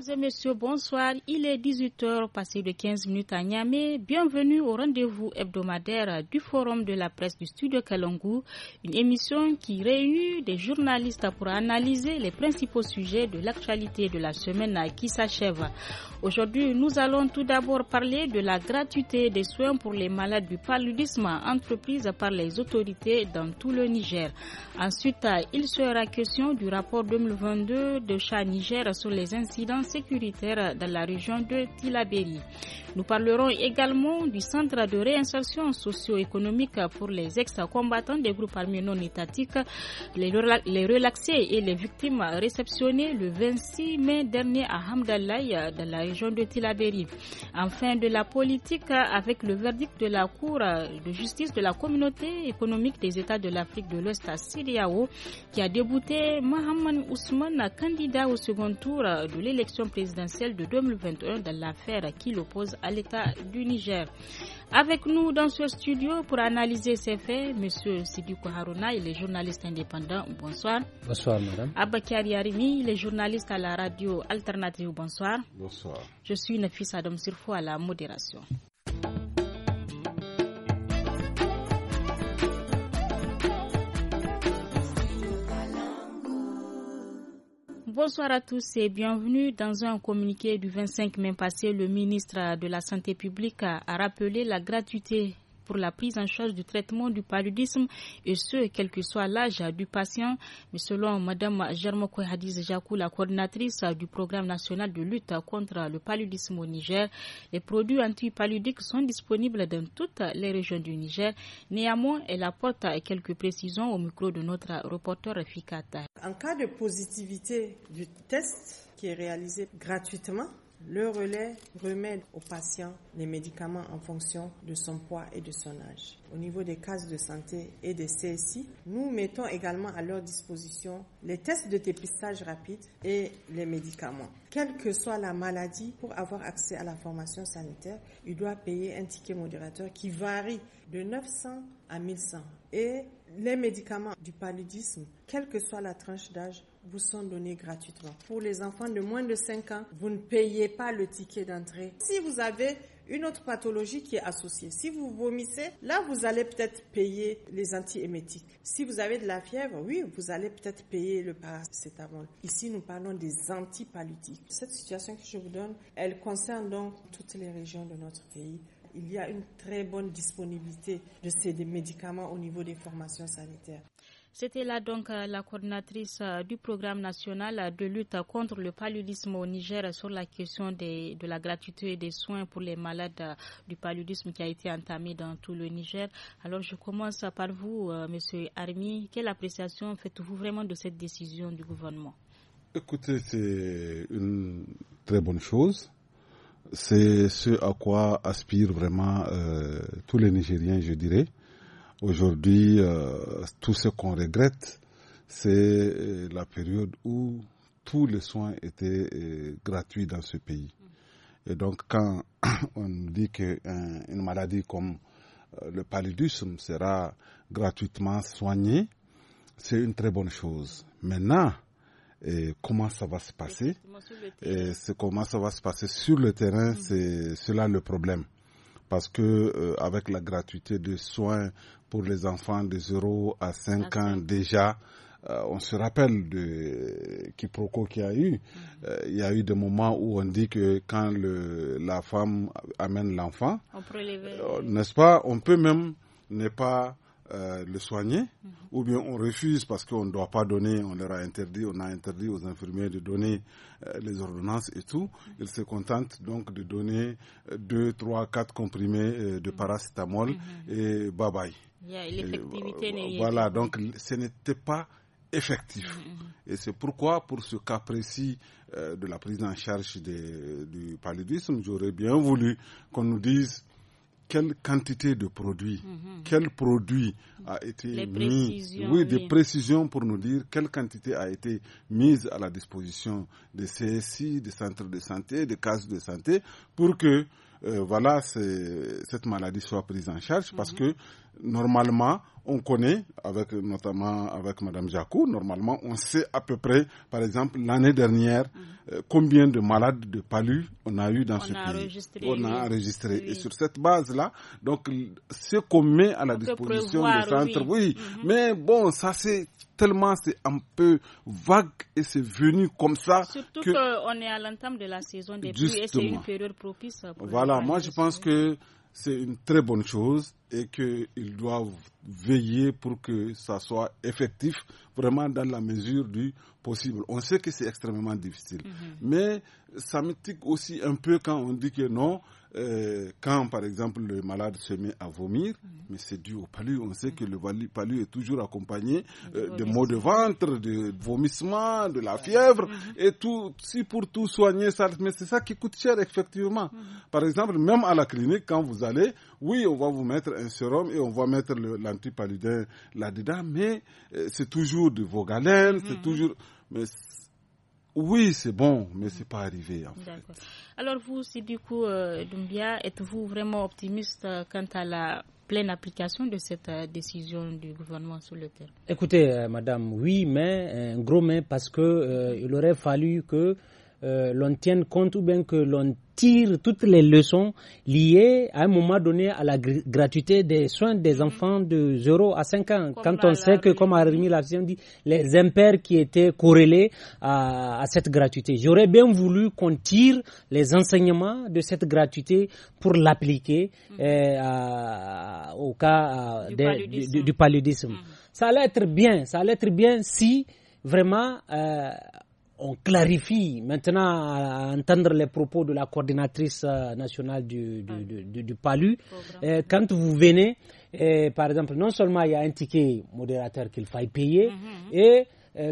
Mesdames et messieurs, bonsoir. Il est 18h passé de 15 minutes à Niamey. Bienvenue au rendez-vous hebdomadaire du Forum de la presse du Studio Kalangou, une émission qui réunit des journalistes pour analyser les principaux sujets de l'actualité de la semaine qui s'achève. Aujourd'hui, nous allons tout d'abord parler de la gratuité des soins pour les malades du paludisme entreprise par les autorités dans tout le Niger. Ensuite, il sera question du rapport 2022 de Chat Niger sur les incidences sécuritaire dans la région de Tilaberi. Nous parlerons également du centre de réinsertion socio-économique pour les ex-combattants des groupes armés non étatiques, les, relaxés et les victimes réceptionnées le 26 mai dernier à Hamdallah dans la région de Tilaberi. Enfin, de la politique avec le verdict de la Cour de justice de la communauté économique des États de l'Afrique de l'Ouest à Syriao, qui a débouté Mohamed Ousmane, candidat au second tour de l'élection présidentielle de 2021 dans l'affaire qui l'oppose à l'État du Niger. Avec nous dans ce studio pour analyser ces faits, M. Sidiko Haruna, il est journaliste indépendant. Bonsoir. Bonsoir, madame. Abakari Arimi, il est journaliste à la radio Alternative. Bonsoir. Bonsoir. Je suis Nafis Adam Sirfo à la modération. Bonsoir à tous et bienvenue. Dans un communiqué du 25 mai passé, le ministre de la Santé publique a rappelé la gratuité pour la prise en charge du traitement du paludisme et ce, quel que soit l'âge du patient. Mais selon Mme Germo Hadiz Jakou, la coordinatrice du programme national de lutte contre le paludisme au Niger, les produits antipaludiques sont disponibles dans toutes les régions du Niger. Néanmoins, elle apporte quelques précisions au micro de notre reporter Fikata. En cas de positivité du test qui est réalisé gratuitement, le relais remet aux patients les médicaments en fonction de son poids et de son âge. Au niveau des cases de santé et des CSI, nous mettons également à leur disposition les tests de dépistage rapide et les médicaments. Quelle que soit la maladie, pour avoir accès à la formation sanitaire, il doit payer un ticket modérateur qui varie de 900 à 1100. Et les médicaments du paludisme, quelle que soit la tranche d'âge, vous sont donnés gratuitement. Pour les enfants de moins de 5 ans, vous ne payez pas le ticket d'entrée. Si vous avez une autre pathologie qui est associée. Si vous vomissez, là, vous allez peut-être payer les antiémétiques. Si vous avez de la fièvre, oui, vous allez peut-être payer le paracétamol. Ici, nous parlons des antipalutiques. Cette situation que je vous donne, elle concerne donc toutes les régions de notre pays il y a une très bonne disponibilité de ces médicaments au niveau des formations sanitaires. C'était là donc euh, la coordinatrice euh, du programme national de lutte contre le paludisme au Niger sur la question de la gratuité des soins pour les malades euh, du paludisme qui a été entamé dans tout le Niger. Alors je commence par vous, Monsieur Armi. Quelle appréciation faites-vous vraiment de cette décision du gouvernement Écoutez, c'est une très bonne chose. C'est ce à quoi aspirent vraiment tous les Nigériens, je dirais. Aujourd'hui, euh, tout ce qu'on regrette, c'est euh, la période où tous les soins étaient euh, gratuits dans ce pays. Et donc, quand on dit qu'une maladie comme le paludisme sera gratuitement soignée, c'est une très bonne chose. Maintenant, comment ça va se passer et comment ça va se passer sur le terrain, mm-hmm. c'est cela le problème parce que euh, avec la gratuité de soins pour les enfants de 0 à 5 ans déjà, euh, on se rappelle de quiproquo qu'il y a eu. Mm. Euh, il y a eu des moments où on dit que quand le, la femme amène l'enfant, n'est-ce pas, on peut même ne pas euh, le soigner, mhm. ou bien on refuse parce qu'on ne doit pas donner, on leur a interdit, on a interdit aux infirmiers de donner euh, les ordonnances et tout. Mhm. Ils se contentent donc de donner 2, 3, 4 comprimés euh, de mhm. paracétamol et bye bye. voilà, donc ce n'était pas effectif. Et c'est pourquoi, pour ce cas précis de la prise en charge des, du paludisme, j'aurais bien voulu qu'on nous dise quelle quantité de produits, mhm. quel produit a été mis, oui, des précisions pour nous dire quelle quantité a été mise à la disposition des CSI, des centres de santé, des cases de santé, pour que euh, voilà cette maladie soit prise en charge, parce mhm. que normalement, on connaît, avec, notamment avec Mme Jacou, normalement, on sait à peu près, par exemple, l'année dernière, mhm. euh, combien de malades de palu on a eu dans ce pays. on a enregistré. Et sur cette base-là, donc, ce qu'on met à la disposition du centre oui. Mhm. Mais bon, ça c'est tellement c'est un peu vague et c'est venu comme ça. Surtout qu'on est à l'entame de la saison des pluies et c'est une période propice. voilà, moi je pense que c'est une très bonne chose et qu'ils doivent veiller pour que ça soit effectif vraiment dans la mesure du possible. On sait que c'est extrêmement difficile. Mm-hmm. Mais ça me tique aussi un peu quand on dit que non, euh, quand par exemple le malade se met à vomir, mais c'est dû au palu. On sait que le palu est toujours accompagné euh, de maux de ventre, de vomissements, de la fièvre mhm. et tout. Si pour tout soigner ça, mais c'est ça qui coûte cher effectivement. Mhm. Par exemple, même à la clinique quand vous allez, oui, on va vous mettre un sérum et on va mettre l'antipaludin là-dedans, mais euh, c'est toujours de vos galènes, c'est mhm. toujours. Mais oui, c'est bon, mais c'est pas arrivé. En fait. Alors vous, du coup, euh, Dumbia, êtes-vous vraiment optimiste euh, quant à la pleine application de cette euh, décision du gouvernement sur le terrain Écoutez, madame, oui, mais un gros mais parce que il aurait fallu que euh, l'on tienne compte ou bien que l'on tire toutes les leçons liées à un moment donné à la gratuité des soins des mm-hmm. enfants de 0 à 5 ans. Quand on sait que, comme remis Lafsian dit, les impairs qui étaient corrélés à, cette gratuité. J'aurais bien voulu qu'on tire les enseignements de cette gratuité pour l'appliquer mm-hmm. euh, au cas du, paludisme. Mm-hmm. Ça allait être bien, ça allait être bien si vraiment euh, on clarifie maintenant à entendre les propos de la coordinatrice euh, nationale du, ah. PALU. Euh, quand vous venez, euh, par exemple, non seulement il y a un ticket modérateur qu'il faille payer, mhm, mhm. et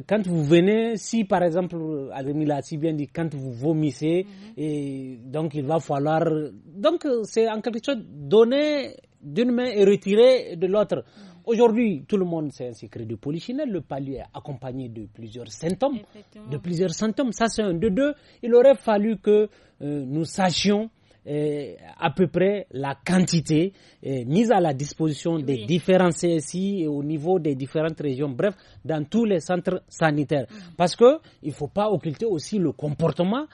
quand vous venez, si par exemple, Ademila l'a si bien dit, quand vous vomissez, mhm. donc il va falloir. Donc c'est en quelque sorte donner d'une main et retirer de l'autre. Aujourd'hui, tout le monde sait un secret de Polychinelle, Le palier est accompagné de plusieurs symptômes. De plusieurs symptômes. Ça, c'est un de deux. Il aurait fallu que euh, nous sachions euh, à peu près la quantité euh, mise à la disposition des différents CSI et au niveau des différentes régions, bref, dans tous les centres sanitaires. Mm. Parce qu'il ne faut pas occulter aussi le comportement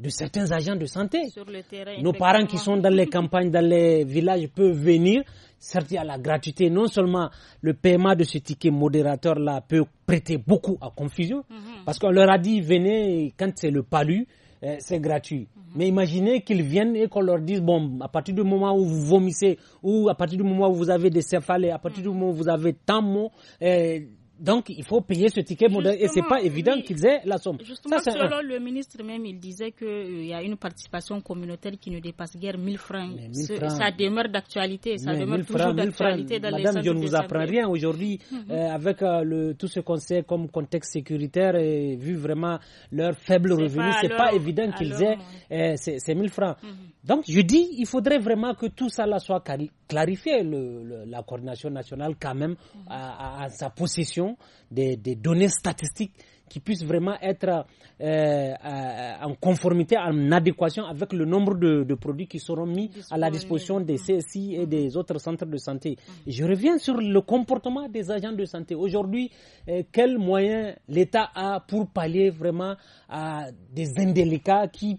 de certains agents de santé. Sur terrain, Nos parents qui sont dans les campagnes, dans les villages peuvent venir. Certes, à la gratuité. Non seulement le paiement de ce ticket modérateur-là peut prêter beaucoup à confusion, mhm. parce qu'on leur a dit, venez, quand c'est le palu, euh, c'est gratuit. Mhm. Mais imaginez qu'ils viennent et qu'on leur dise, bon, à partir du moment où vous vomissez, ou à partir du moment où vous avez des céphalées, à partir du moment où vous avez tant mots eh, donc, il faut payer ce ticket modèle. Et ce n'est pas évident qu'ils aient la somme. Justement, selon le ministre même, il disait qu'il euh, y a une participation communautaire qui ne dépasse guère 1000 francs. Ça demeure d'actualité. Ça demeure toujours d'actualité dans Madame, je ne vous apprends rien aujourd'hui. Mhm. Euh, avec euh, le, tout ce qu'on sait comme contexte sécuritaire et vu vraiment leur faible revenu, ce n'est pas évident qu'ils aient ces 1000 francs. Mhm. Donc, je dis, il faudrait vraiment que tout ça là soit clarifier la coordination nationale quand même à, sa possession des, données statistiques qui puissent vraiment être euh, euh, en conformité, en adéquation avec le nombre de, produits qui seront mis à la disposition des mm-hmm. CSI et des mm-hmm. autres centres de santé. Mm-hmm. Je reviens sur le comportement des agents de santé. Aujourd'hui, euh, quels moyens l'État a pour pallier vraiment à des indélicats qui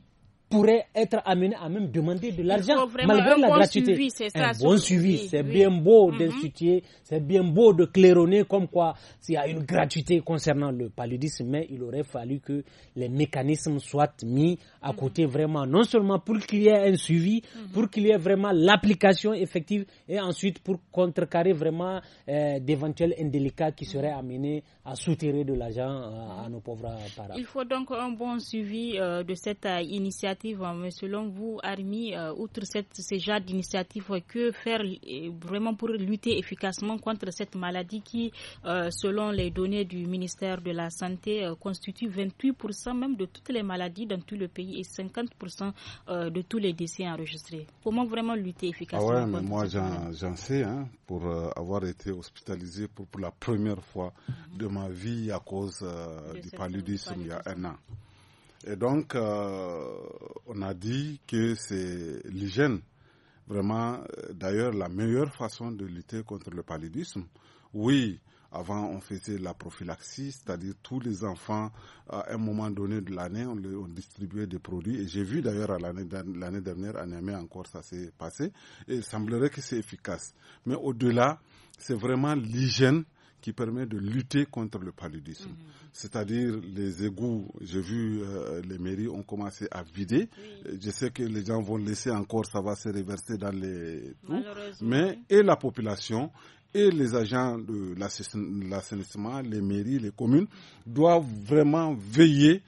pourrait être amené à même demander de l'argent malgré la gratuité. un bon suivi, c'est bien beau mhm. d'instituer, c'est bien beau de claironner comme quoi s'il y a une gratuité concernant le paludisme, mais il aurait fallu que les mécanismes soient mis à mhm. côté vraiment, non seulement pour qu'il y ait un suivi, mhm. pour qu'il y ait vraiment l'application effective et ensuite pour contrecarrer vraiment euh, d'éventuels indélicats qui seraient amenés à soutirer de l'argent à nos pauvres parents. Il faut donc un bon suivi euh, de cette euh, initiative Hein. mais selon vous, Armi, euh, outre cette, ce genre d'initiative, que faire euh, vraiment pour lutter efficacement contre cette maladie qui, euh, selon les données du ministère de la Santé, constitue 28% même de toutes les maladies dans tout le pays et 50% de tous les décès enregistrés Comment vraiment lutter efficacement ah mais moi j'en sais, hein, pour avoir été hospitalisé pour, la première fois mm-hmm. de ma vie à cause du paludisme il y a un an. Et donc, euh, on a dit que c'est l'hygiène, vraiment, euh, d'ailleurs, la meilleure façon de lutter contre le paludisme. Oui, avant, on faisait la prophylaxie, c'est-à-dire tous les enfants, à un moment donné de l'année, on, distribuait des produits. Et j'ai vu d'ailleurs l'année dernière, en mai encore, ça s'est passé. Et il semblerait que c'est efficace. Mais au-delà, c'est vraiment l'hygiène qui permet de lutter contre le paludisme. Mhm. C'est-à-dire les égouts, j'ai vu euh, les mairies ont commencé à vider. Euh, je sais que les gens vont laisser encore, ça va se réverser dans les trous. Mais et la population et les agents de l'assainissement, les mairies, les communes doivent vraiment veiller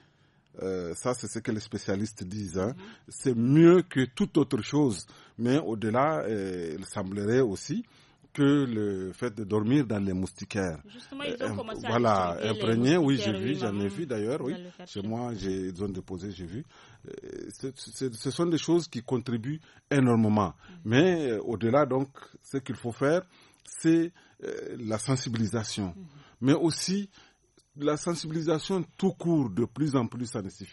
euh, ça, c'est ce que les spécialistes disent. Hein. Mhm. C'est mieux que toute autre chose. Mais au-delà, il semblerait aussi que le fait de dormir dans les moustiquaires. Justement, euh, euh, voilà, imprégné, oui, j'ai vu, j'en ai vu d'ailleurs, oui. Chez moi, j'ai, ils de déposé, j'ai vu. Euh, ce sont des choses qui contribuent énormément. Mm. Mais au-delà, donc, ce qu'il faut faire, c'est la sensibilisation. Mm. Mais aussi, la sensibilisation tout court, de plus en plus, ça ne ça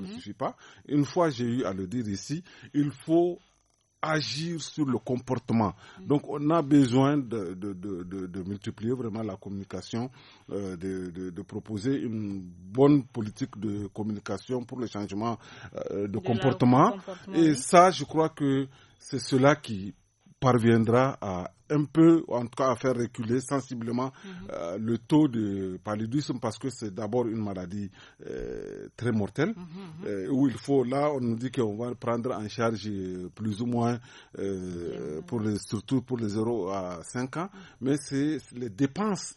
ne mm-hmm. suffit pas. Une fois, j'ai eu à le dire ici, il faut agir sur le comportement. Donc on a besoin de, multiplier vraiment la communication, euh, de, proposer une bonne politique de communication pour le changement euh, de, comportement. Et ça, je crois que c'est cela qui parviendra à un peu, en tout cas, à faire reculer sensiblement mhm. euh, le taux de paludisme parce que c'est d'abord une maladie euh, très mortelle mhm, mhm. Euh, où il faut, là, on nous dit qu'on va prendre en charge plus ou moins, pour les, surtout pour les 0 à 5 ans, mais c'est les dépenses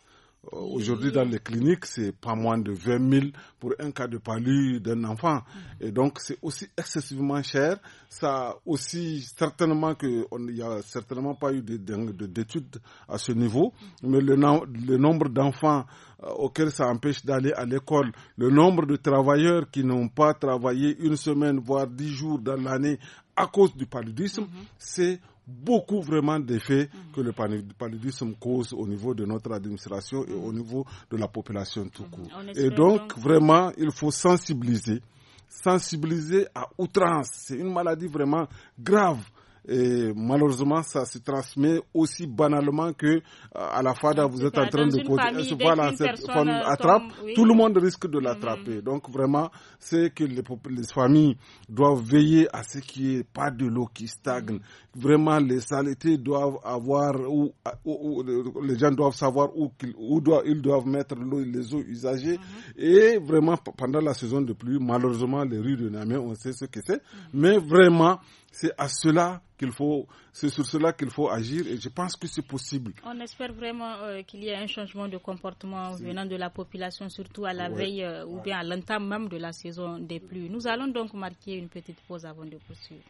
euh, aujourd'hui, dans les cliniques, c'est pas moins de 20 000 pour un cas de paludisme d'un enfant. Mm. Et donc, c'est aussi excessivement cher. Ça aussi, certainement qu'il n'y a certainement pas eu d'études à ce niveau, mm. mais le, nombre d'enfants euh, auxquels ça empêche d'aller à l'école, le nombre de travailleurs qui n'ont pas travaillé une semaine, voire dix jours dans l'année à cause du paludisme, mm-hmm. c'est beaucoup vraiment d'effets mm. que le paludisme cause au niveau de notre administration et au mm. niveau de la population tout mm. court. Et donc, vraiment, il faut sensibiliser sensibiliser à outrance. C'est une maladie vraiment grave et malheureusement, ça se transmet aussi banalement que euh, à la FADA, vous êtes en train de poser. Voilà, cette femme attrape. Tout le monde risque de l'attraper. Mm-hmm. Donc, vraiment, c'est que les, familles doivent veiller à ce qu'il n'y ait pas de l'eau qui stagne. Mm-hmm. Vraiment, les saletés doivent avoir, ou, les gens doivent savoir où, ils, doivent, ils doivent mettre l'eau, les eaux usagées. Mm-hmm. Et vraiment, pendant la saison de pluie, malheureusement, les rues de Namien, on sait ce que c'est. Mais vraiment, c'est à cela sur cela qu'il faut agir et je pense que c'est possible. On espère vraiment euh, qu'il y ait un changement de comportement venant de la population, surtout à la veille euh, ou bien à l'entame même de la saison des pluies. Nous allons donc marquer une petite pause avant de poursuivre.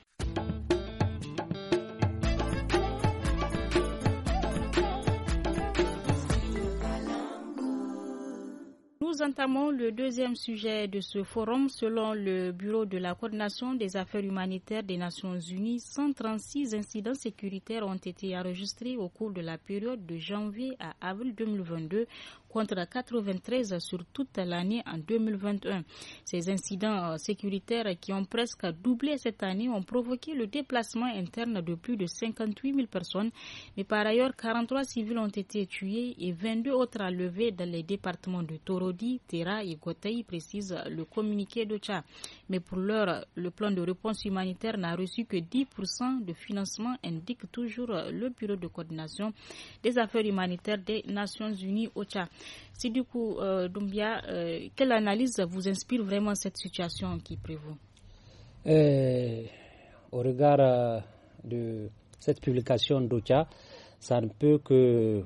Nous entamons le deuxième sujet de ce forum. Selon le Bureau de la coordination des affaires humanitaires des Nations Unies, 136 incidents sécuritaires ont été enregistrés au cours de la période de janvier à avril 2022 contre 93 sur toute l'année en 2021. Ces incidents euh, sécuritaires qui ont presque doublé cette année ont provoqué le déplacement interne de plus de 58 000 personnes, mais par ailleurs 43 civils ont été tués et 22 autres enlevés dans les départements de Torodi, Tera et Gotaï, précise le communiqué d'OCHA. Mais pour l'heure, le plan de réponse humanitaire n'a reçu que 10% de financement, indique toujours le Bureau de coordination des affaires humanitaires des Nations Unies au si du coup, euh, Doumbia, euh, quelle analyse vous inspire vraiment cette situation qui prévaut euh, Au regard de cette publication d'Ocha, ça ne peut que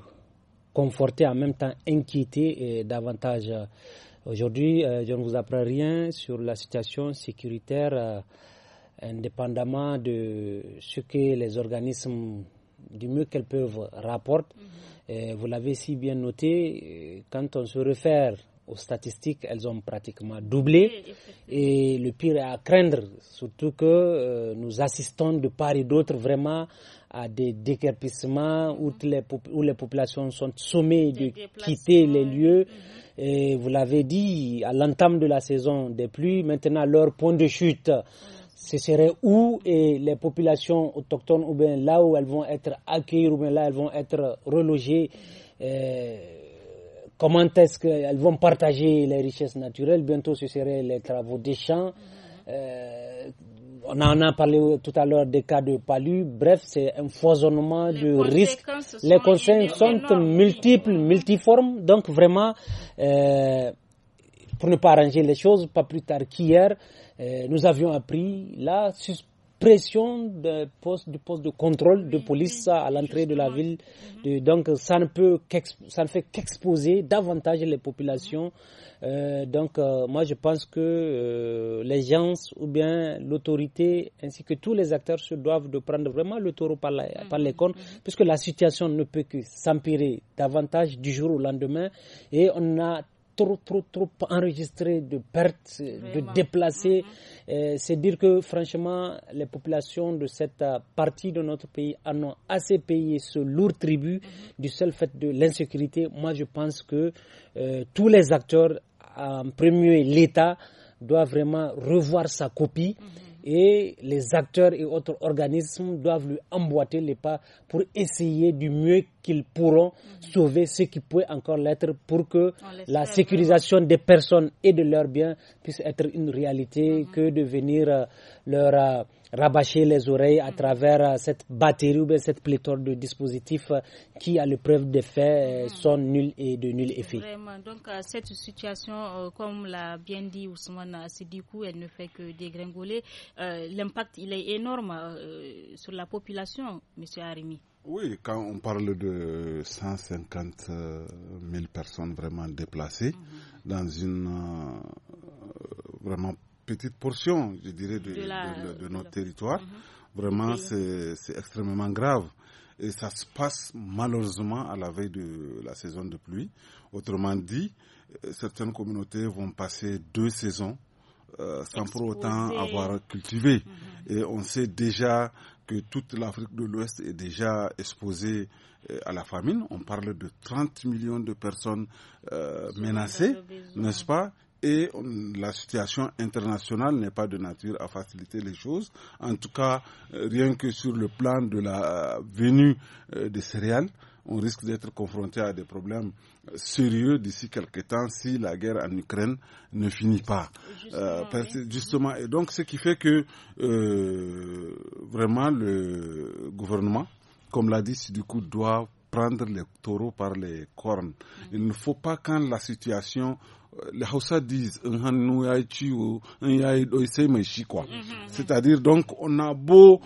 conforter en même temps inquiéter et davantage. Aujourd'hui, je ne vous apprends rien sur la situation sécuritaire indépendamment de ce que les organismes du mieux qu'elles peuvent rapporter. Mhm. vous l'avez si bien noté, euh, quand on se réfère aux statistiques, elles ont pratiquement doublé. Et le pire est à craindre, surtout que euh, nous assistons de part et d'autre vraiment à des décarpissements où, les, où les populations sont sommées de quitter les lieux. Mhm. Et vous l'avez dit, à l'entame de la saison des pluies, maintenant leur point de chute ce serait où et les populations autochtones, ou bien là où elles vont être accueillies, ou bien là elles vont être relogées. Euh, comment est-ce qu'elles vont partager les richesses naturelles Bientôt, ce seraient les travaux des champs. Euh, on en a parlé tout à l'heure des cas de palu. Bref, c'est un foisonnement de risques. Les conséquences sont multiples, multiformes. Donc vraiment, euh, pour ne pas arranger les choses, pas plus tard qu'hier, euh, nous avions appris la suppression du poste, poste de contrôle de police à l'entrée de la ville. Mhm. donc ça ne peut ça ne fait qu'exposer davantage les populations. Mhm. Euh, donc euh, moi je pense que l'agence ou bien l'autorité ainsi que tous les acteurs se doivent de prendre vraiment le taureau par, par mhm, les cornes puisque la situation ne peut que s'empirer davantage du jour au lendemain et on a trop, trop, trop enregistré de pertes, de déplacés. Mhm. Euh, c'est dire que, franchement, les populations de cette euh, partie de notre pays en ont assez payé ce lourd tribut mhm. du seul fait de l'insécurité. Moi, je pense que euh, tous les acteurs, en premier l'État, doit vraiment revoir sa copie. Mhm et les acteurs et autres organismes doivent lui emboîter les pas pour essayer du mieux qu'ils pourront mhm. sauver ce qui peut encore l'être pour que la sécurisation des personnes et de leurs biens puisse être une réalité mhm. que devenir euh, leur euh, rabâcher les oreilles à mm. travers euh, cette batterie ou cette pléthore de dispositifs euh, qui, à l'épreuve des faits, euh, mm. sont nuls et de nul effet. Vraiment. Donc, cette situation, comme l'a bien dit Ousmane coup elle ne fait que dégringoler. L'impact, il est énorme sur la population, M. Arimi. Oui, quand on parle de 150 000 personnes vraiment déplacées mm-hmm. dans une vraiment petite portion, je dirais, de, notre territoire. Vraiment, c'est extrêmement grave. Et ça se passe malheureusement à la veille de la saison de pluie. Autrement dit, euh, certaines communautés vont passer deux saisons euh, sans pour autant avoir cultivé. Mhm. Et on sait déjà que toute l'Afrique de l'Ouest est déjà exposée euh, à la famine. On parle de 30 millions de personnes menacées, n'est-ce pas et la situation internationale n'est pas de nature à faciliter les choses. En tout cas, euh, rien que sur le plan de la venue euh, des céréales, on risque d'être confronté à des problèmes euh, sérieux d'ici quelques temps si la guerre en Ukraine ne finit pas. Justement, et donc ce qui fait que vraiment le gouvernement, comme l'a dit coup, doit prendre les taureaux par les cornes. Il ne faut pas quand la situation les Hausa disent un mm-hmm. c'est-à-dire donc on a beau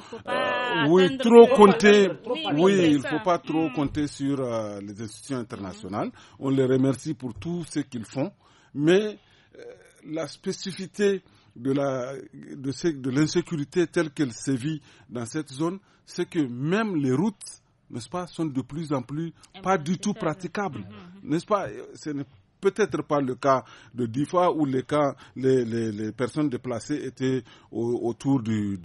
oui trop compter oui il faut pas euh, trop mm-hmm. compter sur euh, les institutions internationales on les remercie pour tout ce qu'ils font mais euh, la spécificité de la de, de l'insécurité telle qu'elle sévit dans cette zone c'est que même les routes n'est-ce pas, sont de plus en plus pas du tout praticables, mm-hmm. n'est-ce pas Ce n'est peut-être pas le cas de Difa où les cas, les, personnes déplacées étaient autour du,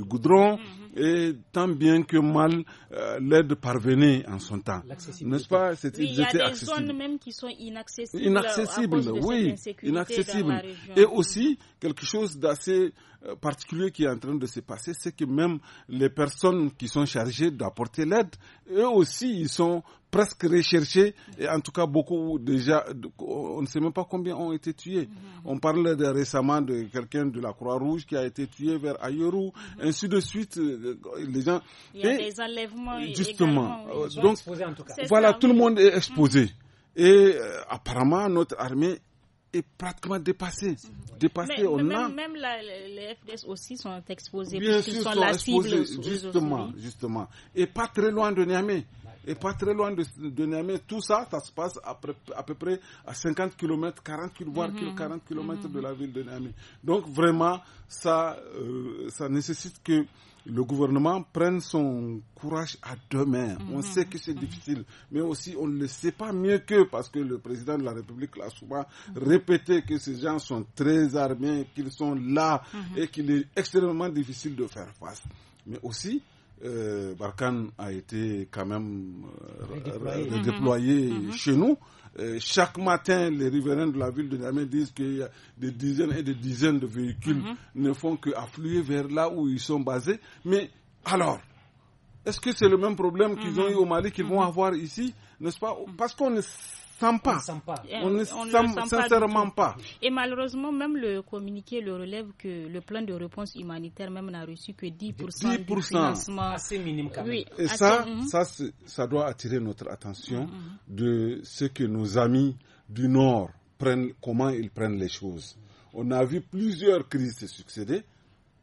goudron mm-hmm. et tant bien que mal euh, l'aide parvenait en son temps. N'est-ce pas Il y a des zones même qui sont inaccessibles. Inaccessibles, oui, inaccessibles. Et aussi quelque chose d'assez euh, particulier qui est en train de se passer, c'est que même les personnes qui sont chargées d'apporter l'aide, eux aussi, ils sont presque recherchés et en tout cas beaucoup déjà on ne sait même pas combien ont été tués. On parle récemment de quelqu'un de la Croix-Rouge qui a été tué vers Ayuru, ainsi de suite euh, les gens il y a et des enlèvements justement euh, donc tout voilà tout le monde est exposé et apparemment notre armée est pratiquement dépassé. Dépassé, on même, les FDS aussi sont exposés. Bien sont, la cible justement, justement. Et pas très loin de Niamey. Et pas très loin de, Niamey. Tout ça, ça se passe à, peu, à peu près à 50 km, 40 km, voire 40 mhm. km mhm. de la ville de Niamey. Donc vraiment, ça, euh, ça nécessite que le gouvernement prenne son courage à deux mains. On mhm. sait que c'est difficile, mais aussi on ne le sait pas mieux que parce que le président de la République l'a souvent répété que ces gens sont très armés, qu'ils sont là mhm. et qu'il est extrêmement difficile de faire face. Mais aussi, euh, Barkhane a été quand même euh, déployé mhm. chez nous. Euh, chaque matin, les riverains de la ville de Niamey disent qu'il y a des dizaines et des dizaines de véhicules mhm. ne font qu'affluer vers là où ils sont basés. Mais alors, est-ce que c'est le même problème qu'ils ont mm-hmm. eu au Mali qu'ils vont mm-hmm. avoir ici, n'est-ce pas Parce qu'on ne sent pas. On ne sent, sincèrement pas, Et malheureusement, même le communiqué le relève que le plan de réponse humanitaire même n'a reçu que 10%, de financement. Assez minimum Et ça, ça, doit attirer notre attention mm-hmm. de ce que nos amis du Nord prennent, comment ils prennent les choses. On a vu plusieurs crises se succéder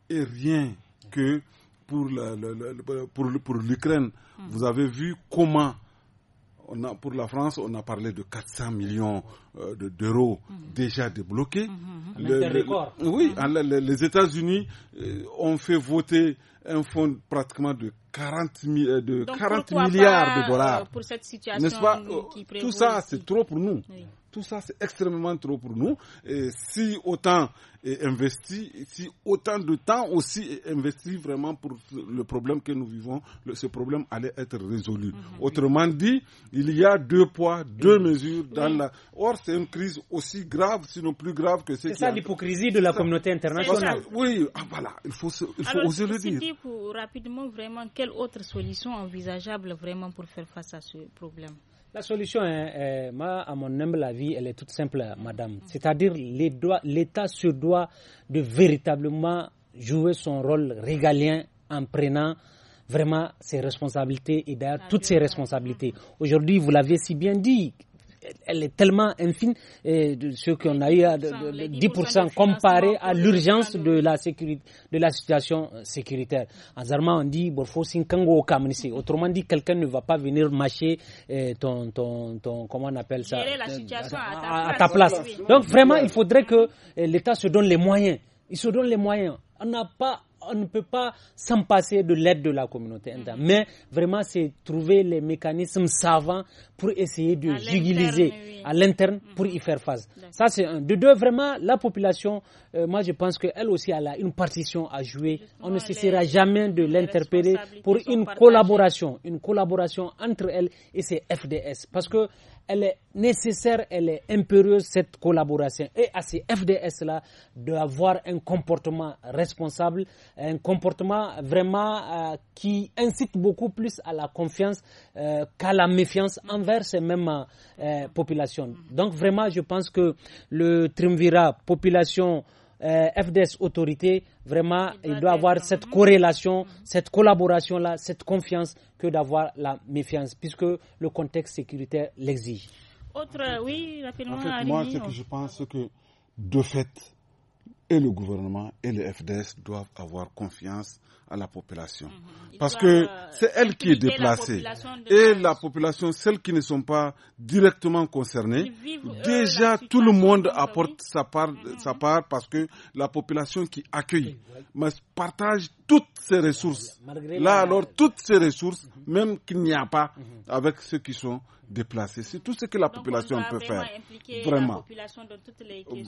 et rien que pour l'Ukraine, pour, mm. pour vous avez vu comment pour la France, on a parlé de 400 millions euh, d'euros mm-hmm. déjà débloqués. Mm-hmm, mm-hmm. C'est un oui, les, États-Unis euh, ont fait voter un fonds pratiquement de 40, euh, de 40 milliards de dollars. Pour cette situation, tout ça, c'est trop pour nous tout ça, c'est extrêmement trop pour nous. Et si autant est investi, si autant de temps aussi est investi vraiment pour le problème que nous vivons, ce problème allait être résolu. Mhm. Mhm. Autrement dit, il y a deux poids, deux mhm. mesures dans la. Or, c'est une crise aussi grave, sinon plus grave que celle. C'est ça l'hypocrisie de la communauté internationale. oui, ah, voilà, il faut, se, il faut oser le dire. rapidement, vraiment, quelle autre solution envisageable vraiment pour faire face à ce problème? La solution, à mon humble avis, elle est toute simple, madame. C'est-à-dire l'État se doit de véritablement jouer son rôle régalien en prenant vraiment ses responsabilités et d'ailleurs ah, toutes ses responsabilités. Aujourd'hui, vous l'avez si bien dit, elle est tellement infime, ce qu'on a eu à 10%, comparé à l'urgence de la sécurité, de la situation euh, sécuritaire. En Zarma, on dit, Autrement dit, quelqu'un ne va pas venir mâcher euh, ton, ton, ton, comment on appelle ça? La situation à, À ta place. Donc vraiment, il faudrait que euh, l'État se donne les moyens. Il se donne les moyens. On n'a pas on ne peut pas s'en passer de l'aide de la communauté interne. Mhm. Mais vraiment, c'est trouver les mécanismes savants pour essayer de à à l'interne pour y mhm. faire face. Ça, c'est un. De deux, vraiment, la population, euh, moi, je pense qu'elle aussi, elle a une partition à jouer. on ne cessera jamais de l'interpeller pour une collaboration, une collaboration entre elle et ses FDS. Parce que elle est nécessaire, elle est impérieuse, cette collaboration. Et à ces FDS-là, d'avoir un comportement responsable, un comportement vraiment euh, qui incite beaucoup plus à la confiance euh, qu'à la méfiance envers ces mêmes euh, populations. Donc vraiment, je pense que le Trimvira, population euh, FDS autorité, vraiment, il doit, avoir cette corrélation, cette collaboration-là, cette confiance que d'avoir la méfiance, puisque le contexte sécuritaire l'exige. Autre, oui, moi, je pense, que, de fait, et le gouvernement et le FDS doivent avoir confiance à la population. Mhm. Parce que euh, c'est elle qui est déplacée. et la population, celles qui ne sont pas directement concernées, déjà tout le monde apporte mhm. sa part, parce que la population qui accueille mais partage toutes ses ressources. Là alors, toutes ses ressources, mhm. même qu'il n'y a pas avec ceux qui sont déplacer. C'est tout ce que la population peut faire. vraiment.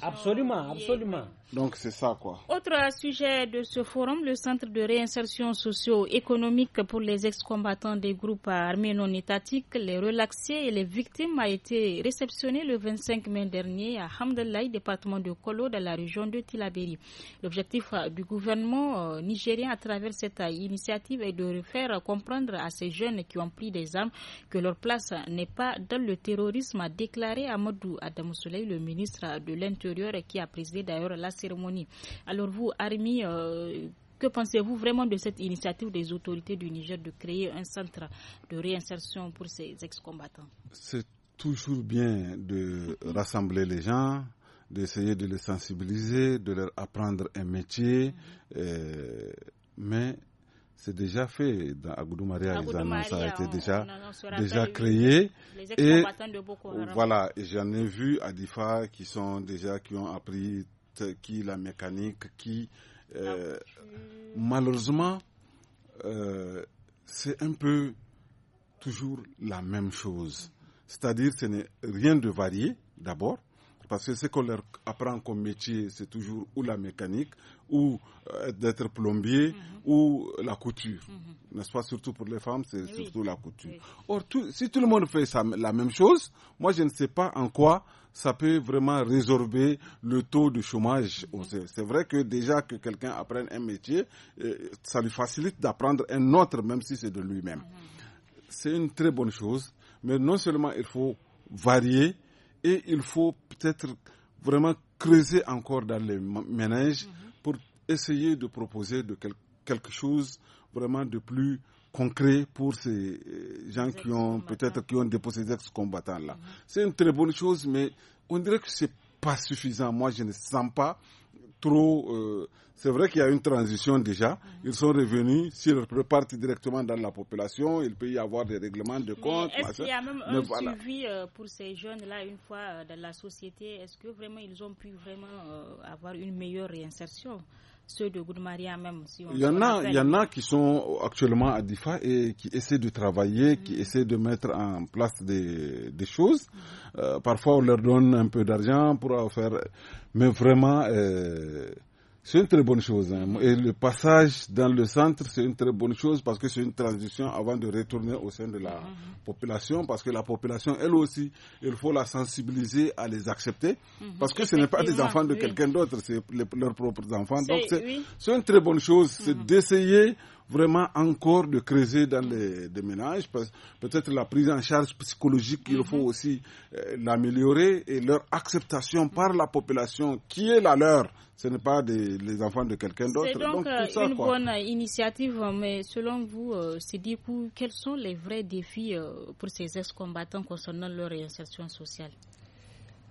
absolument, absolument. Donc c'est ça quoi. Autre sujet de ce forum, le centre de réinsertion socio-économique pour les ex-combattants des groupes armés non étatiques, les relaxés et les victimes a été réceptionné le 25 mai dernier à Hamdelai, département de Kolo, dans la région de Tilaberi. L'objectif euh, du gouvernement euh, nigérien à travers cette euh, initiative est de faire comprendre à ces jeunes qui ont pris des armes que leur place n'est pas dans le terrorisme, a déclaré Amadou Soleil le ministre de l'Intérieur, qui a présidé d'ailleurs la cérémonie. Alors vous, Armi, euh, que pensez-vous vraiment de cette initiative des autorités du Niger de créer un centre de réinsertion pour ces ex-combattants C'est toujours bien de rassembler les gens, d'essayer de les sensibiliser, de leur apprendre un métier, mhm. euh, mais c'est déjà fait. Dans Agudou Maria, les annonces été déjà, déjà créées. et voilà, j'en ai vu à Difa qui sont déjà, qui ont appris qui la mécanique, qui euh, malheureusement euh, c'est un peu toujours la même chose. C'est-à-dire ce n'est rien de varié d'abord. Parce que ce qu'on leur apprend comme métier, c'est toujours ou la mécanique, ou euh, d'être plombier, mhm. ou la couture. Mhm. N'est-ce pas Surtout pour les femmes, c'est surtout la couture. Or, si tout le monde fait la même chose, moi, je ne sais pas en quoi ça peut vraiment résorber le taux de chômage. Mhm. C'est vrai que déjà que quelqu'un apprenne un métier, euh, ça lui facilite d'apprendre un autre, même si c'est de lui-même. C'est une très bonne chose, mais non seulement il faut varier, et il faut peut-être vraiment creuser encore dans les ménages mhm. pour essayer de proposer de quelque chose vraiment de plus concret pour ces euh, gens qui ont peut-être qui ont déposé des ex-combattants là. Mhm. C'est une très bonne chose, mais on dirait que c'est pas suffisant. Moi, je ne sens pas trop. Euh, c'est vrai qu'il y a une transition déjà. Ils sont revenus, s'ils repartent directement dans la population, il peut y avoir des règlements de compte. Est-ce qu'il y a même un suivi euh, pour ces jeunes-là une fois euh, dans la société Est-ce que vraiment ils ont pu vraiment avoir une meilleure réinsertion il, y en a, a qui sont actuellement à DIFA et qui essaient de travailler, qui mm. essaient de mettre en place des, des choses. Euh, parfois, on leur donne un peu d'argent pour faire. Mais vraiment. Euh, c'est une très bonne chose. Hein. Et le passage dans le centre, c'est une très bonne chose parce que c'est une transition avant de retourner au sein de la mhm. population, parce que la population, elle aussi, il faut la sensibiliser à les accepter, mhm. parce que ce n'est pas des enfants de quelqu'un d'autre, c'est leurs propres enfants. Donc c'est une très bonne chose, c'est mhm. d'essayer vraiment encore de creuser dans les, ménages ménages. Peut-être la prise en charge psychologique, il faut mhm. aussi euh, l'améliorer et leur acceptation par la population qui est la leur. Ce n'est pas des, les enfants de quelqu'un d'autre. C'est donc, euh, une bonne initiative, mais selon vous, c'est euh, dit quels sont les vrais défis pour ces ex-combattants concernant leur réinsertion sociale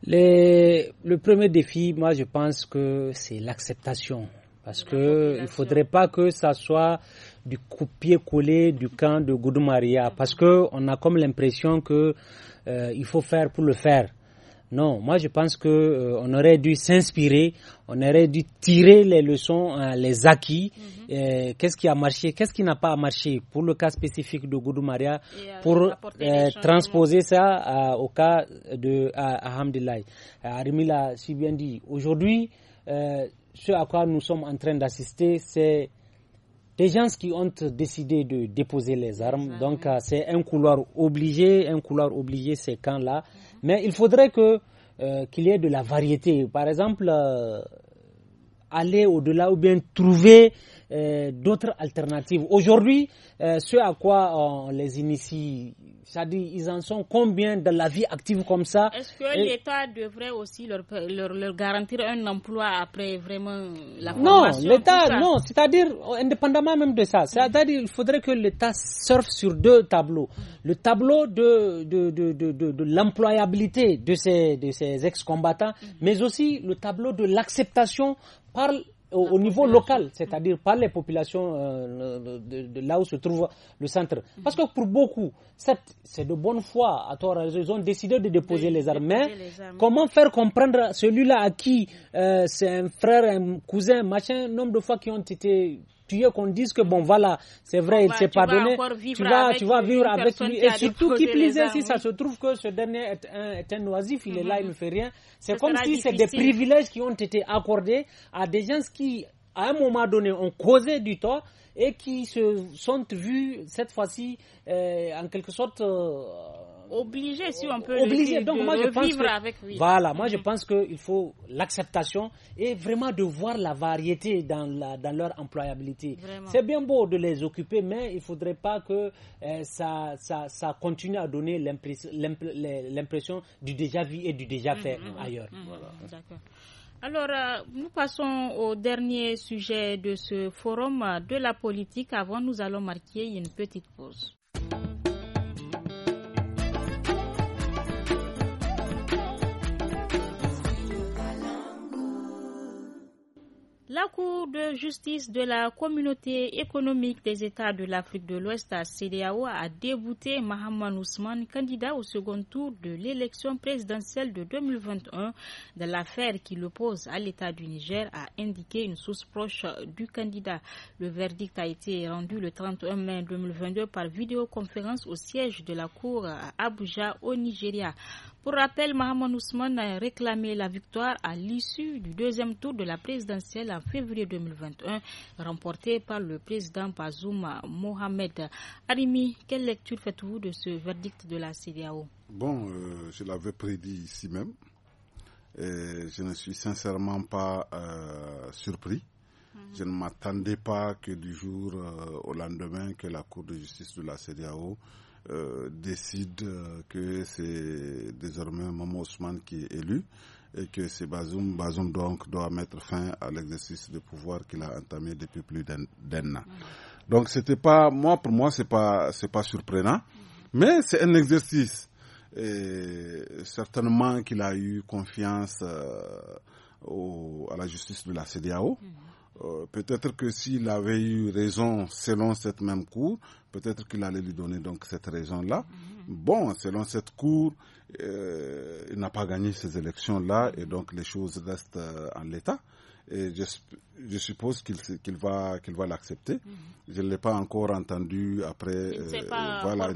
les, le premier défi, moi, je pense que c'est l'acceptation. Parce qu'il ne faudrait pas que ça soit du copier-coller du camp de Maria parce qu'on a comme l'impression que euh, il faut faire pour le faire. Non, moi je pense que euh, on aurait dû s'inspirer, on aurait dû tirer les leçons, hein, les acquis. Mhm. Euh, qu'est-ce qui a marché, qu'est-ce qui n'a pas marché pour le cas spécifique de Maria pour transposer ça au cas de Hamdelay. Arimila si bien dit. Aujourd'hui, ce à quoi nous sommes en train d'assister, c'est des gens qui ont décidé de déposer les armes. Ah, donc euh, c'est un couloir obligé, un couloir obligé ces camps-là. Mhm. Mais il faudrait que euh, qu'il y ait de la variété. Par exemple, euh, aller au-delà ou bien trouver euh, d'autres alternatives. Aujourd'hui, euh, ce à quoi on euh, les initie, c'est-à-dire ils en sont combien dans la vie active comme ça Est-ce que l'État devrait aussi leur, leur, leur, garantir un emploi après vraiment la formation Non, l'État, non, c'est-à-dire indépendamment même de ça, c'est-à-dire il faudrait que l'État surfe sur deux tableaux. Le tableau de, de, de, de, de l'employabilité de ces, de ces ex-combattants, mm-hmm. mais aussi le tableau de l'acceptation par au, ah, niveau local, c'est-à-dire par les populations euh, de, là où se trouve le centre. Mm-hmm. Parce que pour beaucoup, c'est de bonne foi, à tort, ils ont décidé de déposer les armes. Mais comment faire comprendre celui-là à qui euh, c'est un frère, un cousin, machin, nombre de fois qui ont été tuer, qu'on dise que bon, voilà, c'est vrai, il s'est donné Tu vas, tu vas vivre avec lui. Et surtout, qui plaisait si ça se trouve que ce dernier est un, oisif, il est là, il ne mm-hmm. fait rien. C'est comme si c'est des privilèges qui ont été accordés à des gens qui, à un moment donné, ont causé du tort et qui se sont vus, cette fois-ci, euh, en quelque sorte, euh, obligé, si on peut obligé. Le, Donc, avec lui. Voilà, moi, je mm. pense qu'il faut l'acceptation et vraiment de voir la variété dans, la, dans leur employabilité. C'est bien beau de les occuper, mais il ne faudrait pas que euh, ça, ça, continue à donner l'impression du déjà-vu et du déjà-fait mm, mm, ailleurs. Alors, euh, nous passons au dernier sujet de ce forum de la politique. Avant, nous allons marquer une petite pause. La Cour de justice de la Communauté économique des États de l'Afrique de l'Ouest, à CDAO, a débouté Mahaman Ousmane, candidat au second tour de l'élection présidentielle de 2021, de l'affaire qui l'oppose à l'État du Niger, a indiqué une source proche du candidat. Le verdict a été rendu le 31 mai 2022 par vidéoconférence au siège de la Cour à Abuja, au Nigeria. Pour rappel, Mohamed Ousmane a réclamé la victoire à l'issue du deuxième tour de la présidentielle en février 2021, remporté par le président Bazoum Mohamed. Arimi, quelle lecture faites-vous de ce verdict de la CDAO Bon, euh, je l'avais prédit ici même. Et je ne suis sincèrement pas euh, surpris. Mhm. Je ne m'attendais pas que du jour euh, au lendemain que la Cour de justice de la CDAO euh, décide euh, que c'est désormais Momo Ousmane qui est élu et que c'est Bazoum. Bazoum donc doit mettre fin à l'exercice de pouvoir qu'il a entamé depuis plus d'un an. Mm. Donc c'était pas moi pour moi c'est pas c'est pas surprenant, mais c'est un exercice et certainement qu'il a eu confiance euh, à la justice de la CDAO. Mm. Euh, peut-être que s'il avait eu raison selon cette même cour, peut-être qu'il allait lui donner donc cette raison-là. Mhm. Bon, selon cette cour, euh, il n'a pas gagné ces élections-là et mhm. donc les choses restent euh, en l'état. Et je, suppose qu'il va qu'il va l'accepter. Mhm. Je ne l'ai pas encore entendu après. Il ne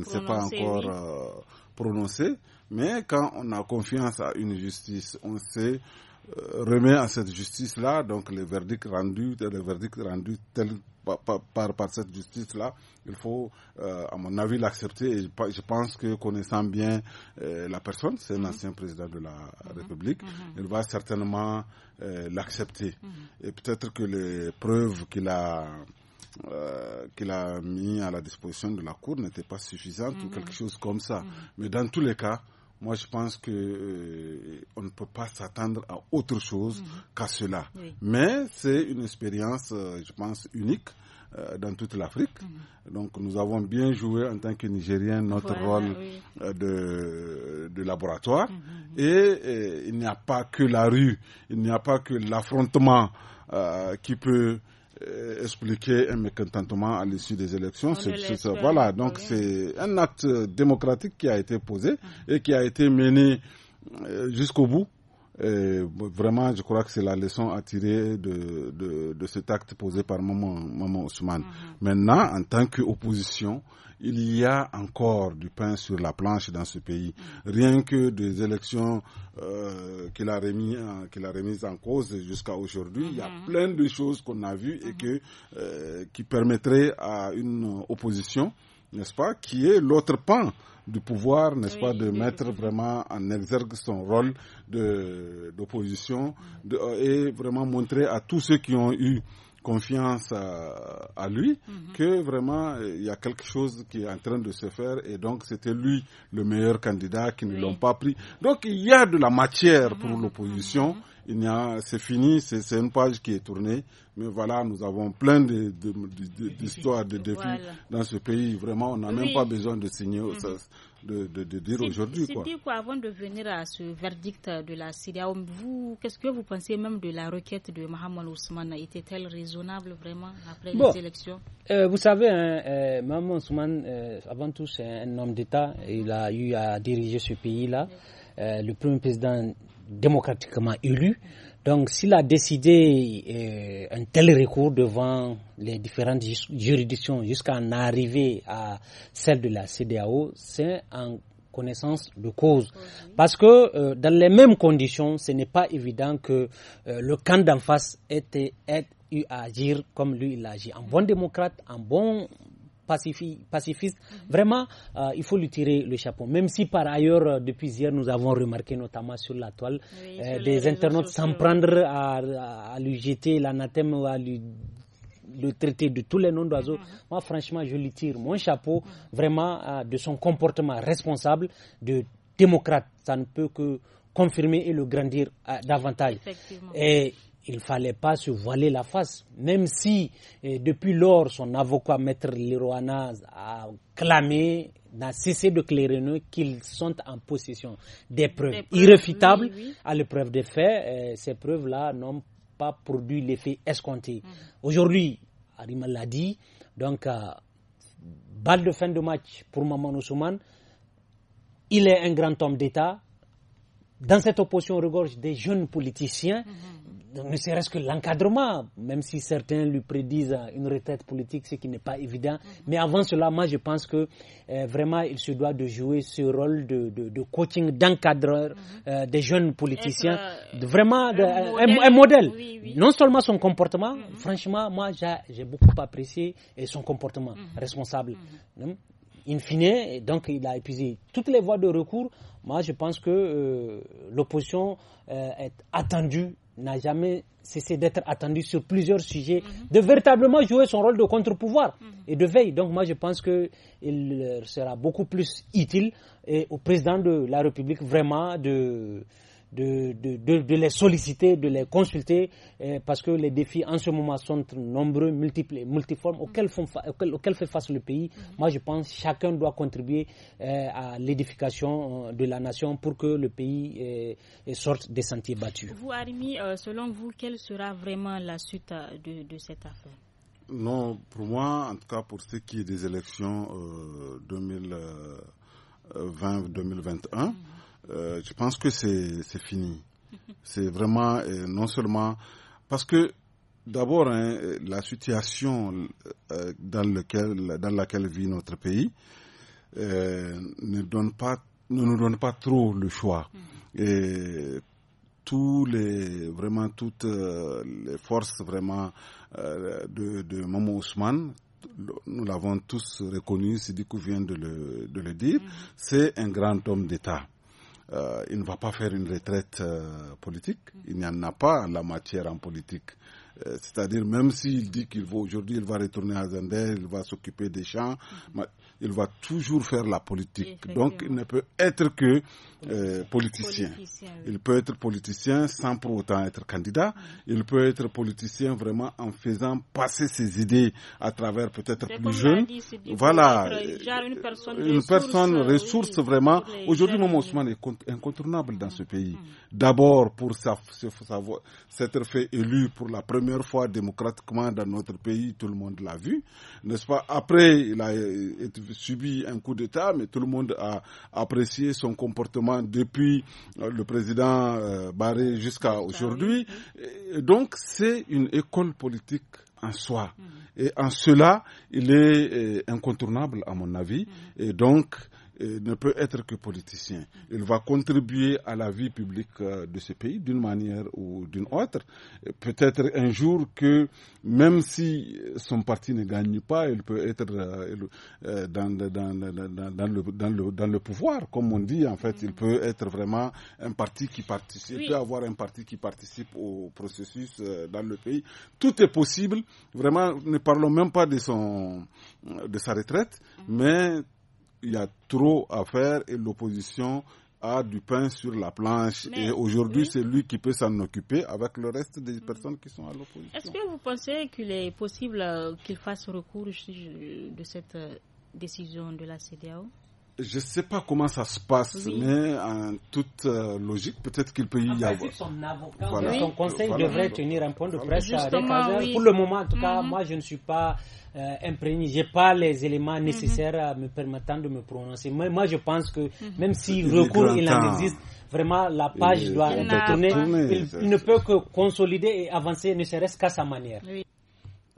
s'est pas encore prononcé. Mais quand on a confiance à une justice, on sait remet à cette justice-là, donc les verdicts rendus, les verdicts rendus tels par, par, cette justice-là, il faut, euh, à mon avis, l'accepter. Et je pense que connaissant bien euh, la personne, c'est un ancien président de la République, mhm. il va certainement euh, l'accepter. Mhm. Et peut-être que les preuves qu'il a euh, qu'il a mis à la disposition de la Cour n'étaient pas suffisantes ou mhm. quelque chose comme ça. Mais dans tous les cas, moi je pense que euh, ne peut pas s'attendre à autre chose mhm. qu'à cela. Mais c'est une expérience, euh, je pense, unique euh, dans toute l'Afrique. Mhm. Donc nous avons bien joué en tant que Nigériens notre rôle de, laboratoire. Mhm, et, il n'y a pas que la rue, il n'y a pas que l'affrontement qui peut euh, expliquer un mécontentement à l'issue des élections. voilà, donc c'est un acte démocratique qui a été posé et qui a été mené euh, jusqu'au bout et vraiment, je crois que c'est la leçon à tirer de, de, de, cet acte posé par Maman, Maman Ousmane. Mhm. Maintenant, en tant qu'opposition, il y a encore du pain sur la planche dans ce pays. Mhm. Rien que des élections euh, qu'il a remises qu remis en cause jusqu'à aujourd'hui, il y a mhm. plein de choses qu'on a vues et que, euh, qui permettraient à une opposition n'est-ce pas, qui est l'autre pan du pouvoir, n'est-ce pas, de mettre vraiment en exergue son rôle d'opposition euh, et vraiment montrer à tous ceux qui ont eu confiance à, lui mhm. que vraiment euh, il y a quelque chose qui est en train de se faire et donc c'était lui le meilleur candidat qui ne l'ont pas pris. Donc il y a de la matière pour mhm, mhm, l'opposition il a, c'est fini, c'est une page qui est tournée. Mais voilà, nous avons plein d'histoires, de, de, défis dans ce pays. Vraiment, on n'a même pas besoin de signer, mhm. de, dire aujourd'hui. Quoi. Avant de venir à ce verdict de la Syrie, vous, qu'est-ce que vous pensez même de la requête de Mohamed Ousmane Était-elle raisonnable vraiment après les élections euh, Vous savez, hein, euh, Mohamed Ousmane, euh, avant tout, c'est un homme d'État. Il a eu à diriger ce pays-là. le premier président démocratiquement élu. Donc s'il a décidé euh, un tel recours devant les différentes juridictions jusqu'à en arriver à celle de la CDAO, c'est en connaissance de cause. Parce que euh, dans les mêmes conditions, ce n'est pas évident que euh, le camp d'en face ait, ait eu à agir comme lui il agit. En bon démocrate, en bon pacifiste. Mhm. Vraiment, euh, il faut lui tirer le chapeau. Même si par ailleurs, euh, depuis hier, nous avons remarqué notamment sur la toile euh, des internautes s'en prendre à, lui jeter l'anathème ou à lui le traiter de tous les noms d'oiseaux. Mhm. Moi, franchement, je lui tire mon chapeau mhm. vraiment de son comportement responsable de démocrate. Ça ne peut que confirmer et le grandir davantage. Et il ne fallait pas se voiler la face, même si euh, depuis lors son avocat maître Leroana a clamé, n'a cessé de nous qu'ils sont en possession des preuves, irréfutables à l'épreuve des faits. Euh, ces preuves-là n'ont pas produit l'effet escompté. Mhm. Aujourd'hui, Arima l'a dit, donc euh, balle de fin de match pour Maman Ousmane. Il est un grand homme d'État. Dans cette opposition regorge des jeunes politiciens. Mhm ne serait-ce que l'encadrement, même si certains lui prédisent une retraite politique, ce qui n'est pas évident. Mm-hmm. Mais avant cela, moi, je pense que euh, vraiment, il se doit de jouer ce rôle de, de, de coaching, d'encadreur mm-hmm. euh, des jeunes politiciens. Euh, vraiment, un, modèle. Non seulement son comportement, mm-hmm. franchement, moi, j'ai beaucoup apprécié et son comportement responsable. Hein? In fine, donc, il a épuisé toutes les voies de recours. Moi, je pense que l'opposition est attendue n'a jamais cessé d'être attendu sur plusieurs sujets, de véritablement jouer son rôle de contre-pouvoir et de veille. Donc moi, je pense qu'il euh, sera beaucoup plus utile et au président de la République vraiment de de, les solliciter, de les consulter, euh, parce que les défis en ce moment sont nombreux, multiples et multiformes, mm. auxquels, fait face le pays. Mm. Moi, je pense que chacun doit contribuer euh, à l'édification euh, de la nation pour que le pays sorte des sentiers battus. Vous, Arimi, selon vous, quelle sera vraiment la suite de, cette affaire Non, pour moi, en tout cas, pour ce qui est des élections 2020-2021, euh, je pense que c'est fini. C'est vraiment euh, non seulement parce que d'abord hein, la situation euh, dans, dans laquelle vit notre pays ne donne pas ne nous donne pas trop le choix. Mm-hmm. Et tous les vraiment toutes les forces vraiment de, de Momo Ousmane nous l'avons tous reconnu, Sidikou vient de le, de le dire, mm-hmm. c'est un grand homme d'État. Euh, il ne va pas faire une retraite euh, politique. Mm. Il n'y en a pas en la matière en politique. Euh, c'est-à-dire, même s'il dit qu'il va aujourd'hui, il va retourner à Zender, il va s'occuper des champs, mm il va toujours faire la politique. Donc il ne peut être que euh, politicien. Il peut être politicien sans pour autant être candidat. Mm. Il peut être politicien vraiment en faisant passer ses idées à travers peut-être plus jeunes. Voilà, une personne, ressource, vraiment. Aujourd'hui, Maman Ousmane est incontournable dans ce mm. pays. Mm. D'abord pour s'être fait élu pour la première fois démocratiquement dans notre pays, tout le monde l'a vu, n'est-ce pas Après, il a été euh, subi un coup d'État, mais tout le monde a apprécié son comportement depuis euh, le président euh, Barré jusqu'à aujourd'hui. Donc c'est une école politique en soi. Mhm. Et en cela, il est euh, incontournable à mon avis. Mhm. Et donc, ne peut être que politicien. Il va contribuer à la vie publique euh, de ce pays d'une manière ou d'une autre. Peut-être un jour que même si son parti ne gagne pas, il peut être euh, euh, dans, dans, dans, dans le, le, dans, le, pouvoir, comme on dit. En fait, il peut être vraiment un parti qui participe, oui. peut avoir un parti qui participe au processus dans le pays. Tout est possible. Vraiment, ne parlons même pas de son de sa retraite, mm. mais il y a trop à faire et l'opposition a du pain sur la planche. et aujourd'hui, c'est lui qui peut s'en occuper avec le reste des personnes qui sont à l'opposition. Est-ce que vous pensez qu'il est possible euh, qu'il fasse recours de cette euh, décision de la CDAO je ne sais pas comment ça se passe, mais en toute euh, logique, peut-être qu'il peut y avoir. Son voilà. son conseil devrait tenir un point de presse à Pour le moment, en tout cas, mhm. moi, je ne suis pas euh, imprégné. Je n'ai pas les éléments mhm. nécessaires à euh, me permettant de me prononcer. Mais moi, je pense que mhm. même si recours il en existe, vraiment, la page doit être tournée. il, ne peut que consolider et avancer, ne serait-ce qu'à sa manière.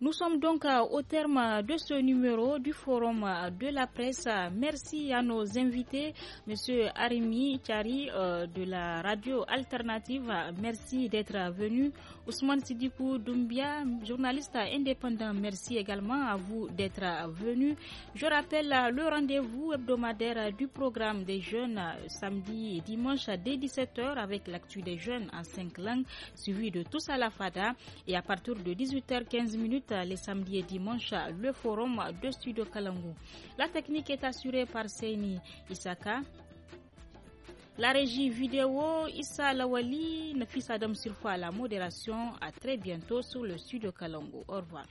Nous sommes donc euh, au terme euh, de ce numéro du Forum euh, de la presse. Merci à nos invités, Monsieur Arimi Chari de la radio alternative. Merci d'être venu. Ousmane Sidipou Doumbia, journaliste indépendant. Merci également à vous d'être venu. Je rappelle le rendez-vous hebdomadaire du programme des jeunes samedi et dimanche dès 17h avec l'actu des jeunes en cinq langues suivi de tous à la FADA et à partir de 18h15 minutes les samedis et dimanches le forum de Studio Kalangu. La technique est assurée par Seini Isaka. La régie vidéo, Issa Lawali, Nafis Adam à la modération. À très bientôt sur le Studio Kalangu. Au revoir.